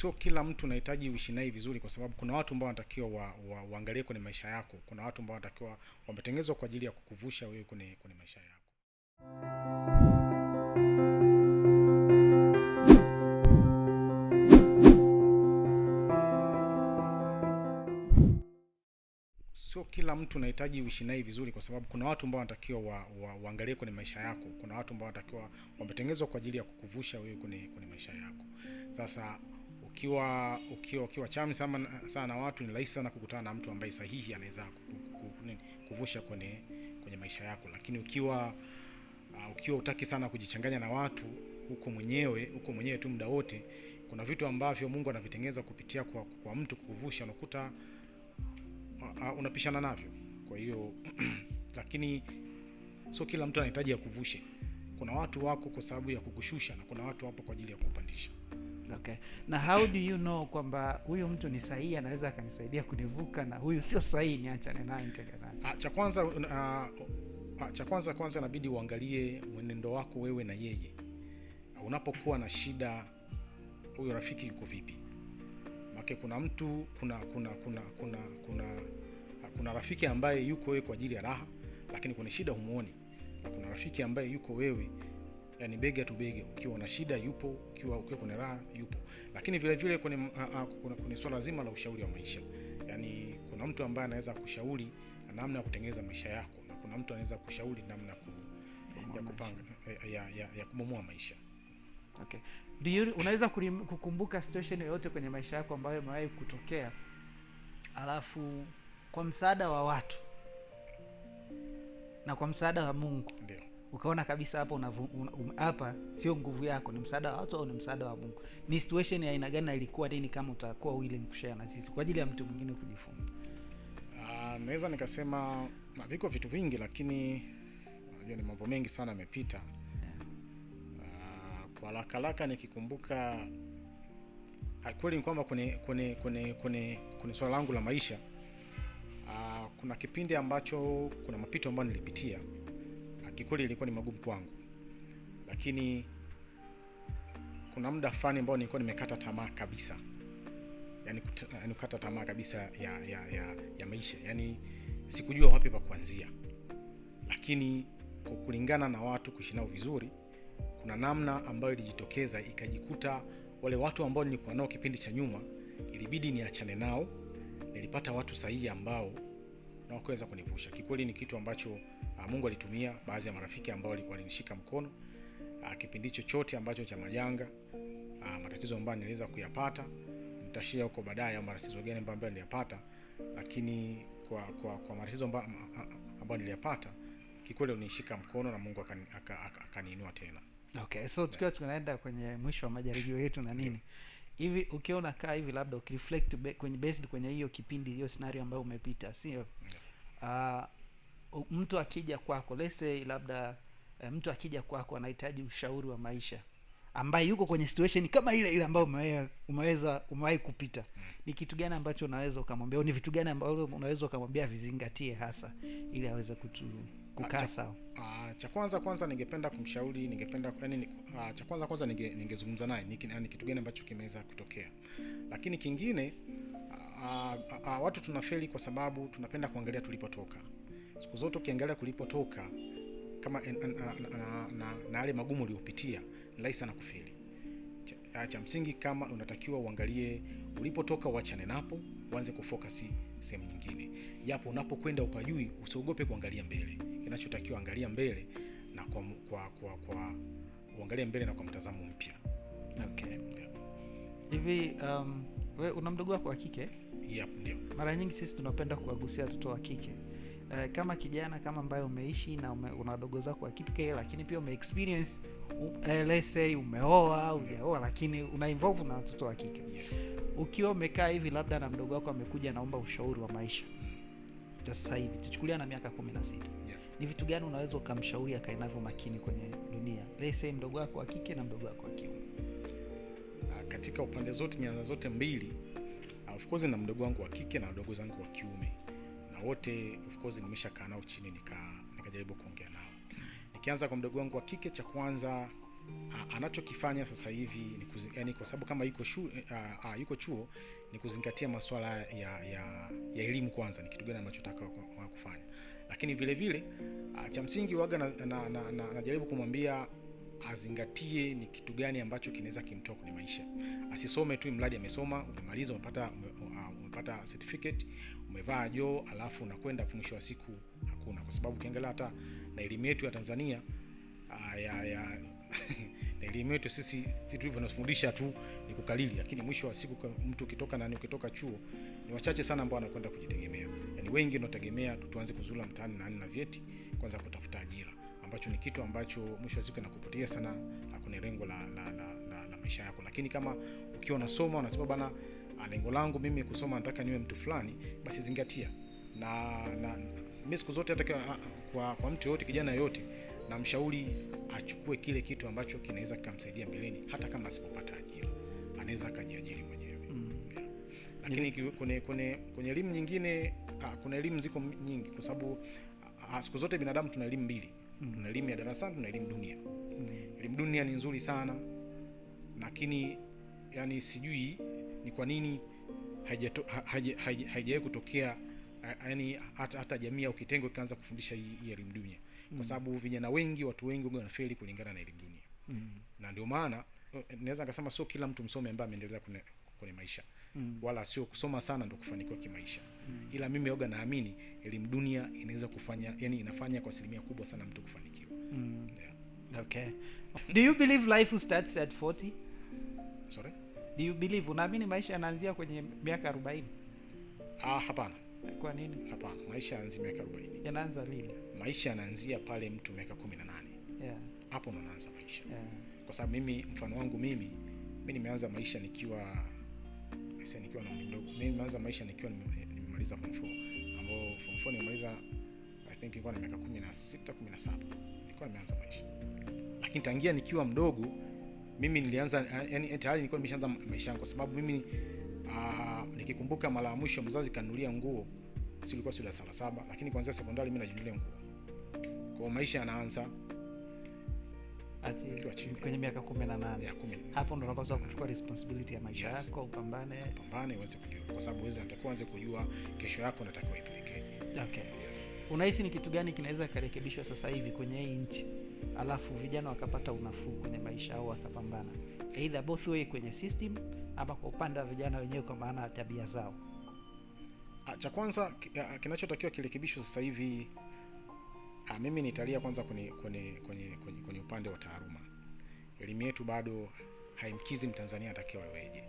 sio kila mtu unahitaji uishi naye vizuri, kwa sababu kuna watu ambao wanatakiwa wa, wa, waangalie kwenye maisha yako. Kuna watu ambao wanatakiwa wametengenezwa kwa ajili ya kukuvusha wewe kwenye, kwenye maisha yako. Sio kila mtu unahitaji uishi naye vizuri, kwa sababu kuna watu ambao wanatakiwa wa, wa, waangalie kwenye maisha yako. Kuna watu ambao wanatakiwa wametengenezwa kwa ajili ya kukuvusha wewe kwenye, kwenye maisha yako. Sasa ukiwa ukiwa ukiwa chami sana, sana watu ni rahisi sana kukutana na mtu ambaye sahihi anaweza kuvusha kwenye kwenye maisha yako, lakini ukiwa uh, ukiwa utaki sana kujichanganya na watu huko mwenyewe huko mwenyewe tu muda wote, kuna vitu ambavyo Mungu anavitengeneza kupitia kwa, kwa mtu kukuvusha, unakuta uh, uh, unapishana navyo. Kwa hiyo lakini sio kila mtu anahitaji kuvushe. Kuna watu wako kwa sababu ya kukushusha na kuna watu wapo kwa ajili ya kukupandisha. Mm. Okay. Na how do you know kwamba huyu mtu ni sahihi anaweza akanisaidia kunivuka na huyu sio sahihi niachane naye nitenge ah, Cha kwanza uh, ah, cha kwanza kwanza inabidi uangalie mwenendo wako wewe na yeye. Unapokuwa na shida, huyo rafiki yuko vipi? make kuna mtu kuna kuna kuna kuna kuna kuna rafiki ambaye yuko wewe kwa ajili ya raha, lakini kuna shida humuoni, na kuna rafiki ambaye yuko wewe yani bega tu bega, ukiwa una shida yupo, ukiwa ukiwa kuna raha yupo. Lakini vile vile kwenye ah, ah, kuna swala zima la ushauri wa maisha, yani kuna mtu ambaye anaweza kushauri namna ya kutengeneza maisha yako na kuna mtu anaweza kushauri namna ku, ya kupanga eh, ya, ya, ya kubomoa maisha. Okay. Do you, unaweza kukumbuka situation yoyote kwenye maisha yako ambayo imewahi kutokea alafu kwa msaada wa watu na kwa msaada wa Mungu Ndiyo ukaona kabisa hapa um- hapa sio nguvu yako, ni msaada wa watu au ni msaada wa Mungu, ni situation ya aina gani na ilikuwa nini, kama utakuwa willing kushare na sisi kwa ajili ya mtu mwingine kujifunza. Uh, naweza nikasema viko vitu vingi, lakini unajua ni mambo mengi sana yamepita, ah, kwa haraka nikikumbuka kweli ni kwamba kwenye swala langu la maisha uh, kuna kipindi ambacho kuna mapito ambayo nilipitia kikweli ilikuwa ni magumu kwangu, lakini kuna muda fulani ambao nilikuwa nimekata tamaa kabisa, yani kukata tamaa kabisa ya, ya, ya, ya maisha, yani sikujua wapi pa kuanzia, lakini kwa kulingana na watu kuishi nao vizuri, kuna namna ambayo ilijitokeza ikajikuta wale watu ambao nilikuwa nao kipindi cha nyuma ilibidi niachane nao. Nilipata watu sahihi ambao na wakaweza kunivusha. Kikweli ni kitu ambacho ah, Mungu alitumia baadhi ya marafiki ambao walikuwa walinishika mkono ah, kipindi chochote ambacho cha majanga, ah, matatizo ambayo niliweza kuyapata. Nitashia huko baadaye au matatizo gani ambayo niliyapata, lakini kwa, kwa, kwa matatizo ambayo niliyapata kikweli unishika mkono na Mungu akaniinua tena. Okay, so tukiwa tunaenda kwenye mwisho wa majaribio yetu na nini, yeah. hivi ukiwa unakaa hivi labda ukireflect be, kwenye based kwenye hiyo kipindi hiyo scenario ambayo umepita sio yeah. uh, mtu akija kwako let's say labda uh, mtu akija kwako anahitaji ushauri wa maisha ambaye yuko kwenye situation kama ile ile ambayo umeweza, umeweza umewahi kupita mm. ni kitu gani ambacho unaweza ukamwambia ni vitu gani ambavyo unaweza ukamwambia vizingatie hasa ili aweze kutu kukaa sawa? Ah, cha kwanza kwanza ningependa kumshauri, ningependa yani, uh, cha kwanza kwanza ninge, ningezungumza naye ni kitu gani ambacho kimeweza kutokea. Lakini kingine uh, uh, uh, watu tunafeli kwa sababu tunapenda kuangalia tulipotoka. Siku zote ukiangalia kulipotoka kama en, na, na, na, na yale magumu uliopitia ni rahisi sana kufeli. Cha, cha msingi kama unatakiwa uangalie ulipotoka, uachane napo, uanze kufokasi sehemu nyingine. Japo unapokwenda upajui, usiogope kuangalia mbele. Kinachotakiwa angalia mbele na kwa, kwa, kwa, kwa uangalie mbele na kwa mtazamo mpya. Okay. Yeah. Hivi um, we una mdogo wako wa kike? Yep, ndio. Mara nyingi sisi tunapenda kuwagusia watoto wa kike eh, kama kijana kama ambaye umeishi na ume, una wadogo zako wa kike lakini pia ume experience uh, eh, let's say umeoa ujaoa, lakini una involve na watoto wa kike yes ukiwa umekaa hivi labda na mdogo wako amekuja naomba ushauri wa maisha sasa hivi tuchukulia na miaka kumi na sita yeah. ni vitu gani unaweza ukamshauri akaenavyo makini kwenye dunia lese mdogo wako wa kike na mdogo wako wa kiume ah, katika upande zote nyanza zote mbili ah, of course na mdogo wangu wa kike na wadogo zangu wa kiume na wote of course kaa nao chini nikajaribu nika kuongea nao nikianza kwa mdogo wangu wa kike cha kwanza anachokifanya sasa hivi ni kuzi, yani kwa sababu kama yuko, shu, uh, uh, yuko chuo ni kuzingatia masuala ya, ya, ya elimu kwanza, ni kitu gani anachotaka kufanya, lakini vile vile uh, cha msingi waga najaribu na, na, na, na na kumwambia azingatie ni kitu gani ambacho kinaweza kimtoa kwenye maisha. Asisome tu mradi amesoma, umemaliza, umepata umepata certificate, umevaa joo, alafu unakwenda mwisho wa siku hakuna, kwa sababu ukiangalia hata na elimu yetu ya Tanzania uh, ya, ya na elimu yetu sisi sisi tulivyofundisha tu ni kukalili, lakini mwisho wa siku mtu ukitoka nani, ukitoka chuo ni wachache sana ambao wanakwenda kujitegemea. Yani wengi wanategemea tuanze kuzula mtaani na na vyeti kwanza kutafuta ajira, ambacho ni kitu ambacho mwisho wa siku inakupotea sana kwenye lengo la, la, la, la, la maisha yako. Lakini kama ukiwa unasoma unasema bana, ah, lengo langu mimi kusoma, nataka niwe mtu fulani, basi zingatia na, na mimi siku zote hata kwa, kwa mtu yoyote kijana yoyote na mshauri achukue kile kitu ambacho kinaweza kikamsaidia mbeleni, hata kama asipopata ajira anaweza akajiajiri mwenyewe mm. Lakini kwenye kwenye kwenye elimu nyingine, ah, kuna elimu ziko nyingi, kwa sababu ah, siku zote binadamu tuna elimu mbili mm. Tuna elimu ya darasani, tuna elimu dunia mm. Elimu dunia ni nzuri sana, lakini yani sijui ni kwa nini haijawai kutokea ah, yani hata, hata jamii au kitengo kikaanza kufundisha hii elimu dunia kwa mm. sababu vijana wengi, watu wengi huwa wanafeli kulingana na elimu duni mm. na ndio maana eh, naweza nikasema sio kila mtu msome ambaye ameendelea kwenye, maisha mm. wala sio kusoma sana ndo kufanikiwa kimaisha mm. ila mimi oga naamini elimu dunia inaweza kufanya, yani inafanya kwa asilimia kubwa sana mtu kufanikiwa mm. yeah. okay. Do you believe life starts at 40? Sorry? Do you believe, unaamini maisha yanaanzia kwenye miaka 40? Ah, hapana. Kwa nini? Hapana, maisha yaanzi miaka 40. Yanaanza lini? maisha yanaanzia pale mtu miaka kumi na nane hapo yeah. ndo naanza maisha yeah. kwa sababu mimi mfano wangu mimi mi nimeanza maisha nikiwa nikiwa na mdogo mi nimeanza maisha nikiwa nimemaliza form four ambao form four nimemaliza i think ilikuwa na miaka kumi na sita kumi na saba nilikuwa nimeanza maisha lakini tangia nikiwa mdogo mimi nilianza yani eh, tayari nilikuwa nimeshaanza maisha yangu kwa sababu mimi uh, nikikumbuka mara ya mwisho mzazi kanulia nguo si ulikuwa si sala saba lakini kwanzia sekondari mi najinulia nguo kwa maisha yanaanza kwenye miaka kumi na nane. Hapo ndo unapaswa kuchukua responsibility ya maisha yes, yako upambane, upambane uweze kujua, kwa sababu wewe unatakiwa uanze kujua kesho yako unatakiwa ipelekeje. Okay, unahisi ni kitu gani kinaweza karekebishwa sasa hivi kwenye hii nchi alafu vijana wakapata unafuu kwenye maisha au wakapambana, either both way kwenye system ama kwa upande wa vijana wenyewe, kwa maana ya tabia zao? Ah, cha kwanza ah, kinachotakiwa kirekebishwe sasa hivi Ah, mimi nitalia kwanza kwenye kwenye kwenye kwenye upande wa taaluma. Elimu yetu bado haimkizi Mtanzania anatakiwa weje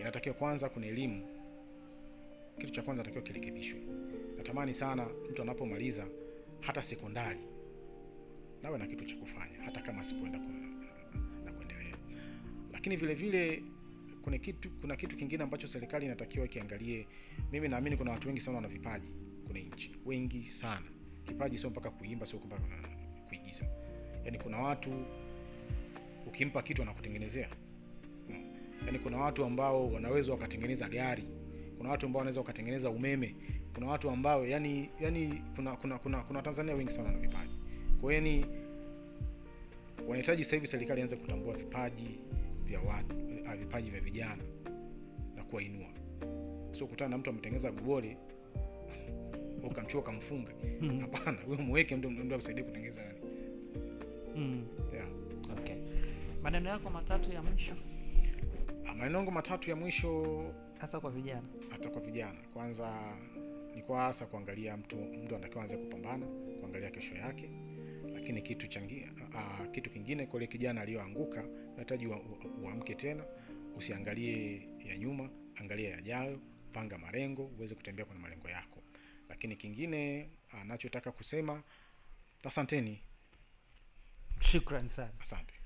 Inatakiwa kwanza kuna elimu, kitu cha kwanza natakiwa kirekebishwe. Natamani sana mtu anapomaliza hata sekondari nawe na kitu cha kufanya, hata kama sipoenda na kuendelea. Lakini vile vile kuna kitu kuna kitu kingine ambacho serikali inatakiwa ikiangalie. Mimi naamini kuna watu wengi sana wana vipaji kuna nchi wengi sana Kipaji sio mpaka kuimba, sio mpaka kuigiza. Yaani kuna watu ukimpa kitu anakutengenezea. Yaani kuna watu ambao wanaweza wakatengeneza gari, kuna watu ambao wanaweza wakatengeneza umeme, kuna watu ambao yani yani kuna kuna kuna, kuna Tanzania wengi sana na vipaji. Kwa hiyo ni yaani, wanahitaji sasa hivi serikali ianze kutambua vipaji vya watu, ah, vipaji vya vijana na kuwainua. Sio kutana na mtu ametengeneza gugole ukamchua ukamfunga. Hmm. Hapana, mm. wewe mweke mtu mtu akusaidie kutengeneza nani. Mm. Yeah. Okay. Maneno yako matatu ya mwisho. Ah, maneno yangu matatu ya mwisho hasa kwa vijana. Hata kwa vijana. Kwanza ni kwa hasa kuangalia mtu mtu anatakiwa aanze kupambana, kuangalia kesho yake. Lakini kitu changia, a, ah, kitu kingine kwa kijana aliyoanguka, unahitaji uamke tena, usiangalie ya nyuma, angalia yajayo, panga malengo, uweze kutembea kwenye malengo yako lakini kingine anachotaka kusema. Asanteni, shukran sana, asante.